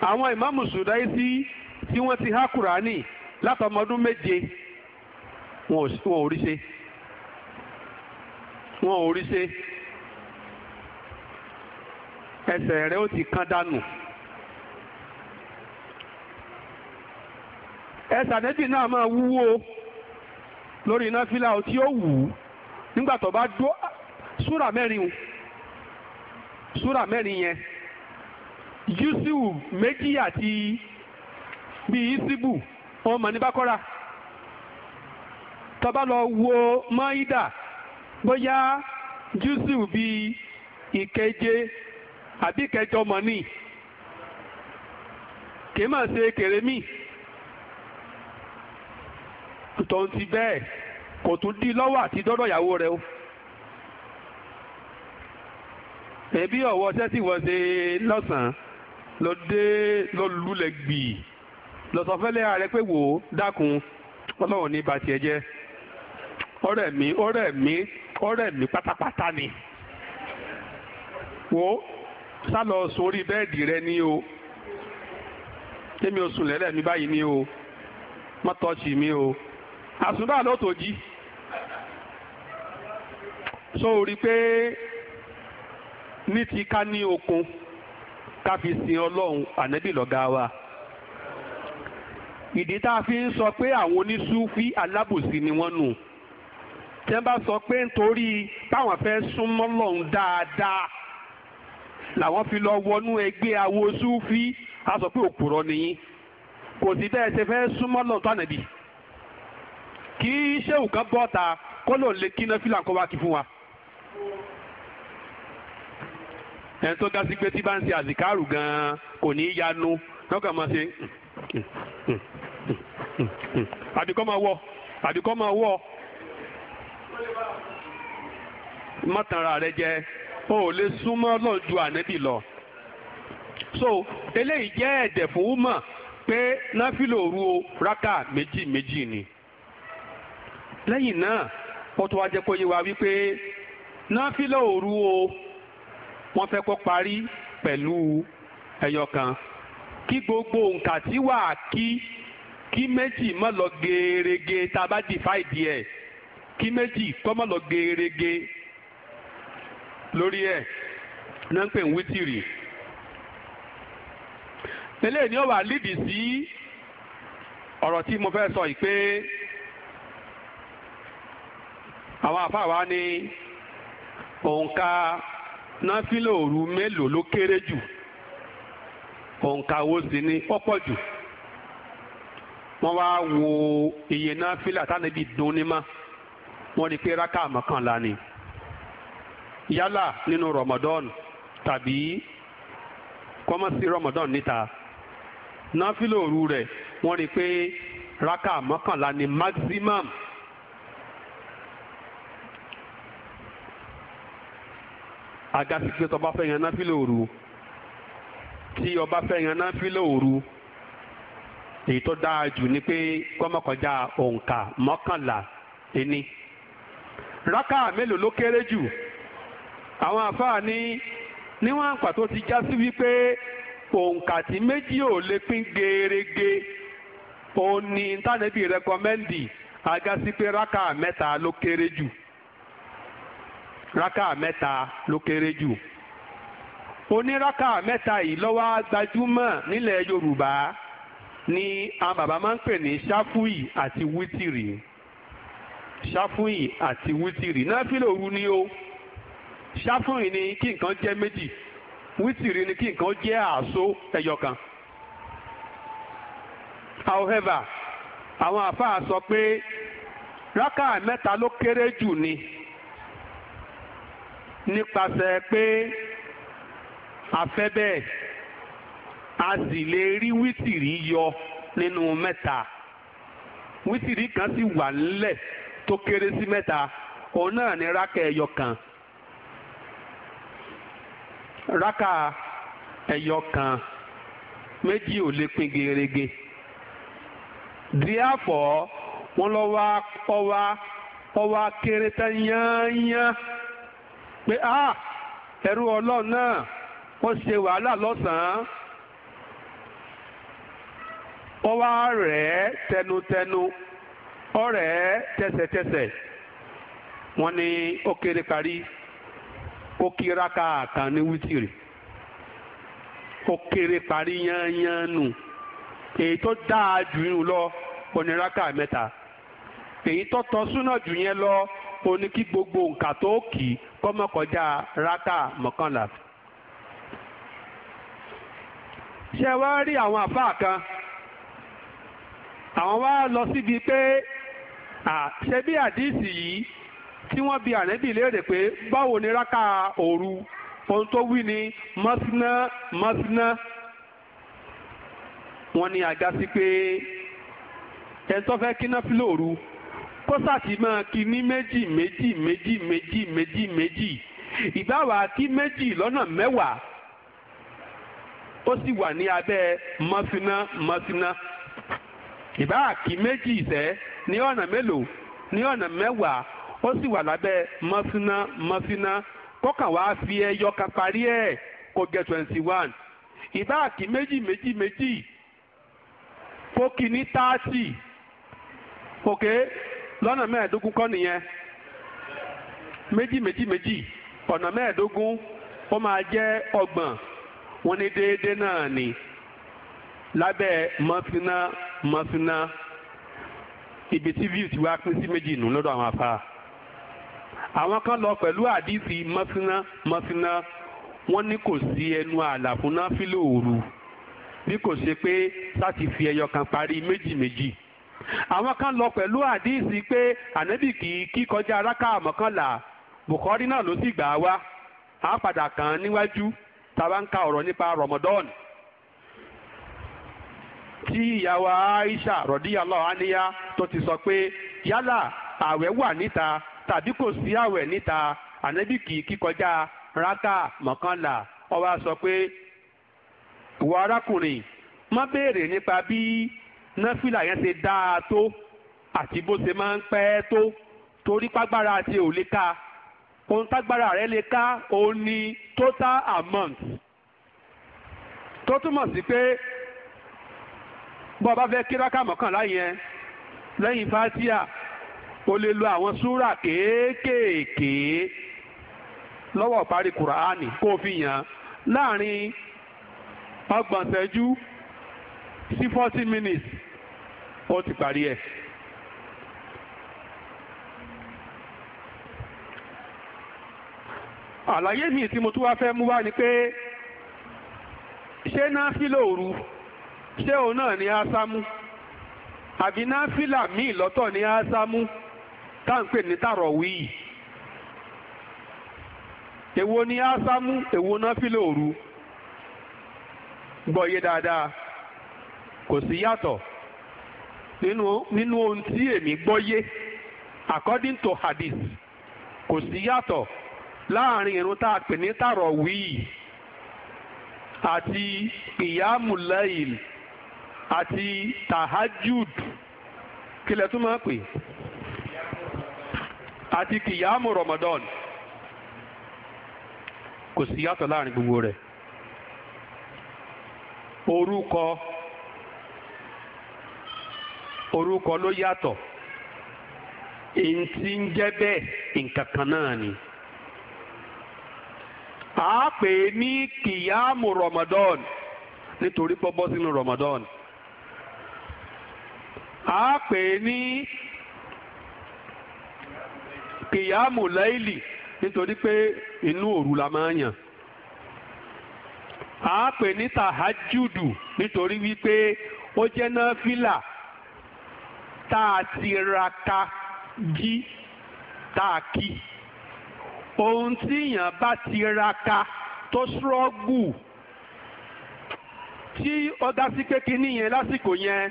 àwọn ìmáàmù Sudaisi tí wọ́n ti há kùránì látọmọdún méje wọn ò rí ṣe wọn ò rí ṣe ẹsẹ̀ rẹ̀ ó ti kán dànù. ẹsẹ̀ àdébì náà máa wúwo lórí iná fílà tí ó wù ú nígbà tó bá dó súrà mẹ́rin súrà mẹ́rin yẹn. yusufu méjì àti bíi isibu wọn mọ̀ ní bákọ́ra tọ́ba lọ wo maida bóyá yusufu bíi ìkeje àbí ìkẹjọ mọ̀ ní kì í mà ṣe kèrèmí tó ń ti bẹ́ẹ̀ kò tún dí lọ́wọ́ àti dọ́dọ̀ ìyàwó rẹ o. ẹbí ọ̀wọ́ sẹ́sì wọ́n ṣe lọ́sàn-án lọ dé lọ lulẹ̀ gbì lọ́sọ̀fẹ́lẹ́ ààrẹ pé wò ó dákun ọlọ́run ní bàtì ẹ jẹ́ ọ̀rẹ́ mi ọ̀rẹ́ mi ọ̀rẹ́ mi pátápátá ni wò ó sálọ sórí bẹ́ẹ̀dì rẹ ní o tẹ́mi o sùn lẹ́lẹ̀ mi báyìí ní o mọ́tọ́ọ̀sì mi o àsùnbà ló tó jí so rí i pé ní ti ká ní okun ká fi sin ọlọ́run ànábì lọ́gá wa. ìdí tá a fi ń sọ pé àwọn onísúfí alábòsí ni wọ́n nù tí wọ́n bá sọ pé nítorí táwọn fẹ́ súnmọ́ lọ́run dáadáa làwọn fi lọ wọnú ẹgbẹ́ awo súfí a sọ pé òpùrọ̀ nìyí kò sí bẹ́ẹ̀ ṣe fẹ́ súnmọ́ lọ́run tó ànábì kí sẹ́wù kan bọ́ta kó lòun lè kí náà fìlà kó wá kí fún wa ẹni tó dá sí pé tí bá ń ṣe àzìkárù gan-an kò ní í yanu lọ́kàn máa ṣe àbíkọ́ máa wọ̀ àbíkọ́ máa wọ̀ mọ́tànra rẹ jẹ o lè súnmọ́ lọ́n ju ànábì lọ. so eléyìí jẹ́ ẹ̀dẹ̀ fún wúmọ̀ pé náfìlò òru o rákà méjì méjì ni. lẹ́yìn náà ó tún wá jẹ́ kó yé wa wípé náfìlò òru o wọ́n fẹ́ kó parí pẹ̀lú ẹyọ kan kí gbogbo nǹkan tí wà á kí kí méjì má lọ gerege tá a bá dìfáìdì ẹ̀ kí méjì kọ́ má lọ gerege lórí ẹ̀ náà ń pè ń wítìrì eléyìí ni ó wà lídìí sí ọ̀rọ̀ tí mo fẹ́ sọ yìí pé àwọn àfáà wa ní òǹkà náfìlà òru mélòó ló kéré jù òǹkàwó sì ni pọ́pọ̀ jù wọ́n wá wo iye náfìlà tánàbí dùn ní ma wọ́n rí pé rákà mọ́kànlá ni yálà nínú Ramadan tàbí kọ́mọ́sí Ramadan níta náfìlà òru rẹ̀ wọ́n rí pé rákà mọ́kànlá ni maximum. agasi pé tọba fẹ́ yan náfìlà òru tí ọba fẹ́ yan náfìlà òru èyí tó dáa jù ni pé kọ́mọkànjá òǹkà mọ́kànlá ẹni rákà mélòó ló kéré jù àwọn àfáà ní níwọ̀n àpà tó ti já sí wípé òǹkà tí méjì ò lè pín gerege òun ni ntánẹ́bì agasi pé rákà mẹ́ta ló kéré jù rákà mẹ́ta ló kéré jù oníraka mẹ́ta yìí ló wà gbajúmọ̀ nílẹ̀ yorùbá ni àwọn bàbá máa ń pè ní ṣáfùyì àti wítìrì ṣáfùyì àti wítìrì náfìlà òru ni ó ṣáfùyì ni kí nǹkan jẹ́ méjì wítìrì ni kí nǹkan jẹ́ àásó ẹyọkan. however àwọn àfáà sọ pé rákà mẹ́ta ló kéré jù ni nípasẹ̀ pé a fẹ́ bẹ́ẹ̀ a sì lè rí wítìrí yọ nínú mẹ́ta wítìrí kan sì wà nílẹ̀ tó kéré sí mẹ́ta òun náà ni rákà ẹyọ kan rákà ẹyọ kan méjì ò lè pín gerege díàfọ̀ wọn lọ wá ọ wá ọ wá kéré tán yányán. pé a ah, ẹrú ọlọ́run náà wọ́n ṣe wàhálà lọ́sàn-án wọ́n wá rẹ̀ ẹ́ tẹnutẹnu ọ̀rẹ́ ẹ́ tẹsẹ̀tẹsẹ̀ wọ́n ní ó kéré parí ó kíra káàkan ní wítìrì ó kéré parí yányán nù èyí tó dáa jù ú lọ oníraka mẹta èyí tó tọ́ súnà jù yẹn lọ oní kí gbogbo nǹkan tó kì í kọ́mọkọjá rákà mọ́kànlá. ṣé wá rí àwọn àfáà kan àwọn wá lọ síbi pé ṣe bí àdíìsì yìí tí wọ́n bi ànẹ́bì léèrè pé báwo ni rákà òru ohun tó wí ni mọ́síná mọ́síná wọ́n ní àgá sí pé ẹni fẹ́ kí náà kọ́sàtì máa kí ní méjì méjì méjì méjì méjì méjì ìbáwá kí méjì lọ́nà mẹ́wàá ó sì wà ní abẹ́ mọ́síná mọ́síná ìbáà kí méjì ìṣẹ́ ní ọ̀nà mélòó ní ọ̀nà mẹ́wàá ó sì wà lábẹ́ mọ́síná mọ́síná kọ́kàn wá fi ẹyọ parí ẹ̀ kó twenty one kí méjì méjì méjì kó lọ́nà mẹ́ẹ̀ẹ́dógún kọ́ nìyẹn méjì méjì méjì ọ̀nà mẹ́ẹ̀ẹ́dógún ó máa jẹ́ ọgbọ̀n wọn ní déédéé náà ni lábẹ́ mọ́síná mọ́síná ibi tí view ti wá pín sí méjì nù lọ́dọ̀ àwọn afa àwọn kan lọ pẹ̀lú àdìsí mọ́síná mọ́síná wọ́n ní kò sí ẹnu ààlà náà fílò òru bí kò ṣe pé sáti fi ẹyọ kan parí méjì méjì. àwọn kan lọ pẹ̀lú àdíìsì pé ànábì kì í kí kọjá bùkọ́rí náà ló sì gbà wá á padà kàn án níwájú ń ka ọ̀rọ̀ nípa Ramadan tí ìyàwó Aisha àníyá tó ti sọ pé yálà àwẹ̀ wà níta tàbí kò sí níta ànábì kì í kí kọjá sọ pé ìwọ arákùnrin má béèrè nípa bí náfìlà yẹn ṣe dáa tó àti bó ṣe máa ń pẹ́ tó torí págbára àti ò lè ká ohun tágbára rẹ̀ lè ká òun ni total amount tó túmọ̀ sí pé bọ́ ọba fẹ́ kíráka mọ́kànlá yẹn lẹ́yìn fatia o lè lo àwọn súrà kéékèèké lọ́wọ́ parí kùránì kó o fi yàn láàrin ọgbọ̀n ṣẹ́jú sí forty minutes ó ti parí ẹ̀. àlàyé mi tí mo tún wá fẹ́ mú wá ni pé ṣé náfìlà òru ṣé òun náà ni ásámú àbí náfìlà míì lọ́tọ̀ ni ásámú tá à ń pè èwo ni ásámú èwo náfìlà òru gbọ́ yé dáadáa kò sí yàtọ̀ nínú nínú ohun tí èmi gbọ́ according to hadith kò sí yàtọ̀ láàrin irun tá a pè ní tààrọ̀ wíì àti ìyámùlẹ́yìn àti tahajud kílẹ̀ tún máa pè àti kìyàmù Ramadan kò sí yàtọ̀ láàrin gbogbo rẹ̀ orúkọ orúkọ ló yàtọ̀ èyí tí ń jẹ́ bẹ́ẹ̀ nǹkan kan náà ni. a pè é ní kìyàmù Ramadan nítorí pọ́bọ́ sínú Ramadan. a pè é ní kìyàmù láìlì nítorí pé inú òru la máa yàn. a pè ní tàhájúdù nítorí wípé ó jẹ́ náà fílà tá a tiraka jí tá a kí ohun tí èèyàn bá tiraka tó ṣọ́ọ̀gù tí ó dá sí pé kínní yẹn lásìkò yẹn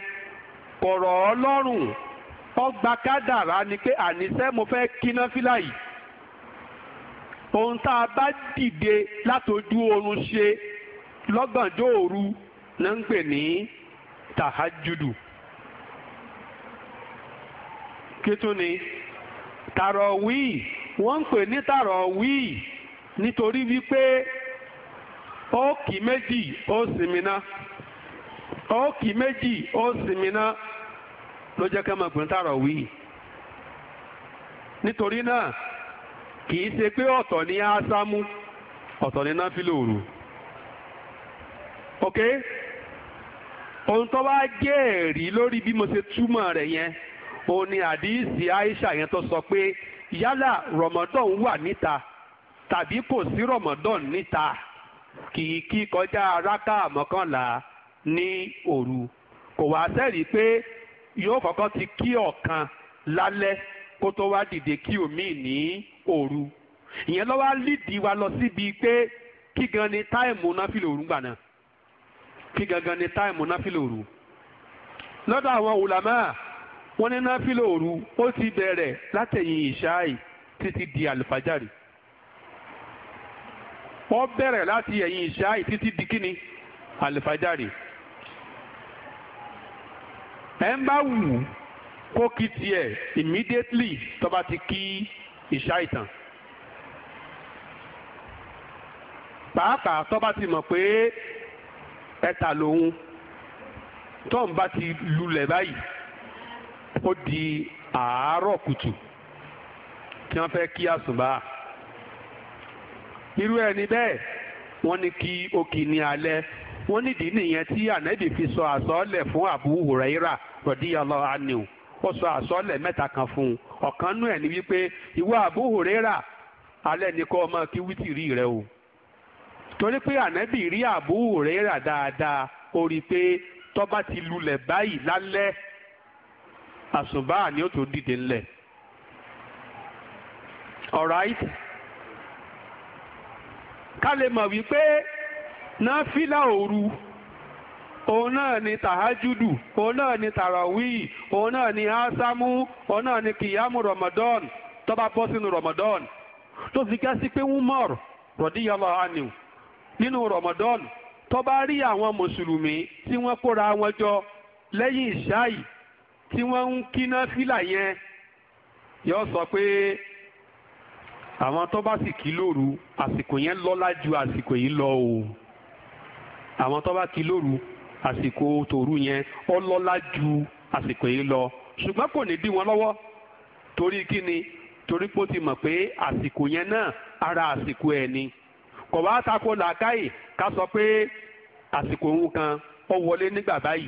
kọ̀rọ̀ ọlọ́run ọgbà kádàrá ni pé àníṣẹ́ mo fẹ́ kíná fílà yìí ohun tá a bá dìde látojú oorun ṣe lọ́gànjọ́ òru ló ń pè ní tàhájúdù. kí tún ni tàrọ̀wíì wọ́n ń pè ní tàrọ̀wíì nítorí wípé ó kì méjì ó sinmi ná ó kì méjì ó sinmi ná ló jẹ́ ká máa pè ní tàrọ̀wíì nítorí náà kì í ṣe pé ọ̀tọ̀ ní ásámú ọ̀tọ̀ ní náfìlì òru ok ohun tó bá jẹ́ ẹ̀rí lórí bí mo ṣe túmọ̀ rẹ̀ yẹn ó ní àdìsí Aisha yẹn tó sọ pé yálà Ramadan wà níta tàbí kò sí Ramadan níta kì í kí kọjá rákà mọ́kànlá ní òru kò wá sẹ́rí pé yóò kọ́kọ́ ti kí ọ̀kan lálẹ́ kó tó wá dìde kí omi ní òru ìyẹn ló wá lídìí wa lọ síbi pé kí gan ni táìmù náfìlì òru gbà náà kí gangan ni táìmù náfìlì òru lọ́dọ̀ àwọn ulama wọ́n ní náfìlà òru ó ti bẹ̀rẹ̀ látẹ̀yìn ìṣáì títí di àlùfájàrì wọ́n bẹ̀rẹ̀ láti ẹ̀yìn ìṣáì títí di kíni àlùfájàrì ẹ̀ ń bá wù kó kí tiẹ̀ immediately tó bá ti kí ìṣáì tán pàápàá tó ti mọ̀ pé ẹ̀ta lòun tó ti lulẹ̀ báyìí. ó di àárọ̀ kùtù tí wọ́n fẹ́ kí àsùnbà irú ẹni bẹ́ẹ̀ wọ́n ní kí ó ní alẹ́ wọ́n nídìí nìyẹn tí ànábì fi sọ àsọ́ọ́lẹ̀ fún Abu Huraira radiyallahu anhu ó sọ àsọ́ọ́lẹ̀ mẹ́ta kan fún un ọ̀kan nú ẹ̀ ní Abu Huraira alẹ́ ni kọ́ ọmọ kí wítìrí rẹ o torí pé ànábì rí Abu Huraira dáadáa ó rí i pé ti lulẹ̀ báyìí lálẹ́ àsùbá ni ó tó dìde ńlẹ̀ alright ká lè mọ̀ wípé náfìlà òru òun náà ni tàhájúdù òun náà ni tàràwíì òun náà ni ásámú òun náà ni kìyàmù ramadan tó bọ́ sínú ramadan tó fi ká sí pé umar rọ̀díyàlá anhu nínú ramadan tó rí àwọn mùsùlùmí tí wọ́n kóra wọn jọ lẹ́yìn ìṣáì tí wọ́n ń kíná fílà yẹn yóò sọ pé àwọn tó bá sì kí lóru àsìkò yẹn lọ́lá ju àsìkò yìí lọ o àwọn tó bá kí lóru àsìkò tòru yẹn ó lọ́lá ju àsìkò yìí lọ ṣùgbọ́n kò ní dí wọn lọ́wọ́ torí kí ni torí pé ó ti mọ̀ pé àsìkò yẹn náà ara àsìkò ẹ̀ ni kò bá tako làákàyè ká sọ pé àsìkò òun kan ó wọlé nígbà báyìí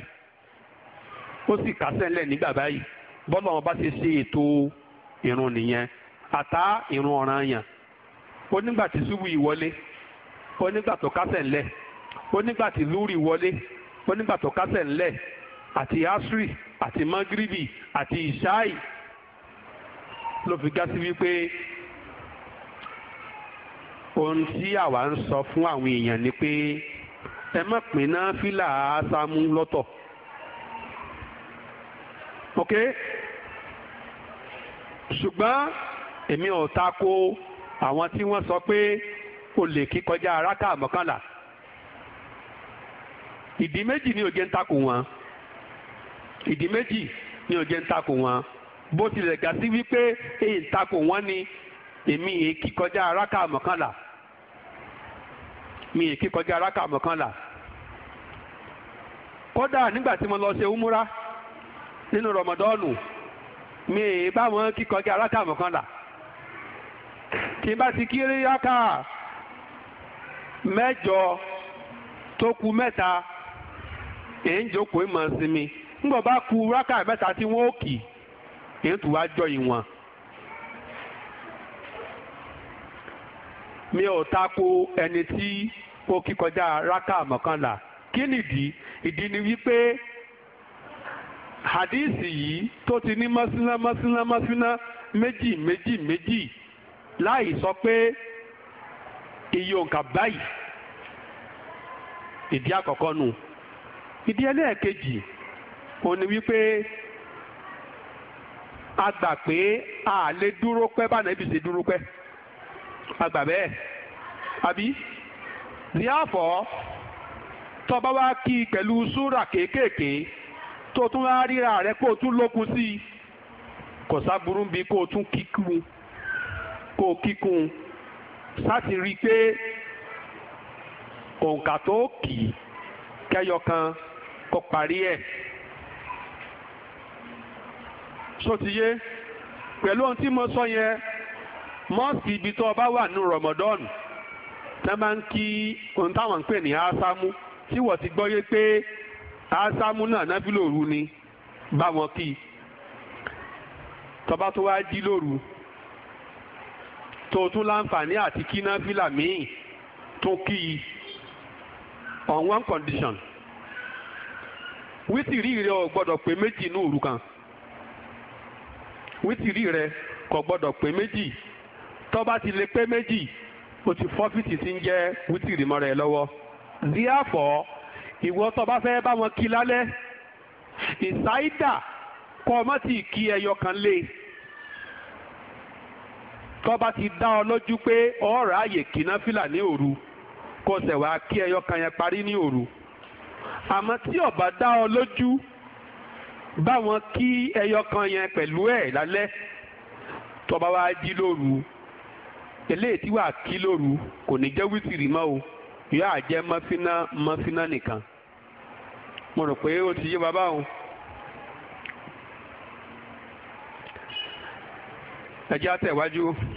ó sì kásẹ̀ ńlẹ̀ nígbà báyìí bọ́lá wọn bá ti ṣe ètò ìrun nìyẹn àtá ìrun ọ̀ràn yàn onígbà tí ṣubú yìí wọlé onígbà tó kásẹ̀ ńlẹ̀ onígbà tí lúrì wọlé onígbà tó kásẹ̀ ńlẹ̀ àti asri àti magribi àti ìṣáì ló fi gá sí wípé ohun tí àwa ń sọ fún àwọn èèyàn ni pé ẹ má pín náà ásámú lọ́tọ̀. ok ṣùgbọ́n èmi ò tako àwọn tí wọ́n sọ pé o lè kí kọjá aráka ìdí méjì ni òjé ń tako wọn ìdí méjì ni òjé ń wọn bó tilẹ̀ wípé èyí ń wọn ni èmi kí kọjá aráka mi èyí kí kọjá aráka mọ́kànlá kódà nígbà tí mo lọ ṣe umura. nínú rọmọdọ́ọ̀nù mi bá wọn kíkọjá arákà mọ́kànlá tí n bá ti kiri raka mẹ́jọ tó ku mẹ́ta èyí ń jókòó ìmọ̀ sinmi ńgbọ̀n bá ku raka mẹ́ta tí wọ́n ó kì ìwọ̀n. mi ò ẹni tí ó kíkọjá kí nìdí ìdí hadisi yìí tó ti ní masina masina masina méjì méjì méjì láì sọ pé iye òǹkà báyìí ìdí àkọ́kọ́ nù ìdí ẹlẹ́ẹ̀kejì ó ní wípé a gbà pé a lè dúró pẹ́ báyìí ibi ṣe dúró pẹ́ a gbà bẹ́ẹ̀ àbí díàfọ́ tọ́ba wá kí pẹ̀lú súrà kéékèèké. tó tún wá ríra rẹ kó o tún lókun sí i kò sáburú bíi kó o tún kíkún kó o kíkún sáti rí i pé òǹkà tó kì í kẹyọ kan kó parí ẹ̀ sotiye pẹ̀lú ohun tí mo sọ yẹn mọ́ọ̀sì ibi tó o bá wà nínú rọmọdọ́ọ̀nù tẹ́ máa ń kí ohun táwọn ń pè ní ásámú tí wọ́n ti gbọ́ yé pé ásámú náà nábì lòru ni bá wọn kí i tọba tó wá jí lóru tó tún láǹfààní àti kí náfìlà míì tó kí i on one condition wítìrí rẹ ò gbọ́dọ̀ pé méjì ní òru kan wítìrí rẹ kò gbọ́dọ̀ pé méjì tọba ti lè pé méjì o ti fọ́fìtì ti ń jẹ́ wítìrí mọ́ra ẹ lọ́wọ́ díàfọ́ ìwọ tó bá fẹ́ bá wọn kí lálẹ́ ìsáídà kọ́ ọ má ti kí ẹyọ kan lé tó bá ti dá ọ lójú pé ọ̀ọ́rọ̀ ààyè kìnná fìlà ní òru kó o sẹ̀wá kí ẹyọ kan yẹn parí ní òru àmọ́ tí ó bá dá ọ lójú bá wọn kí ẹyọ kan yẹn pẹ̀lú ẹ̀ lálẹ́ tó bá wá jí lóru eléyìí tí wàá kí lóru kò ní jẹ́ wítìrì mọ́ o yóò àjẹ́ mọ́fínà mọ́fínà nìkan mo rò pé ó ti yé bàbá òun. ẹ jẹ́ àtẹ̀wájú.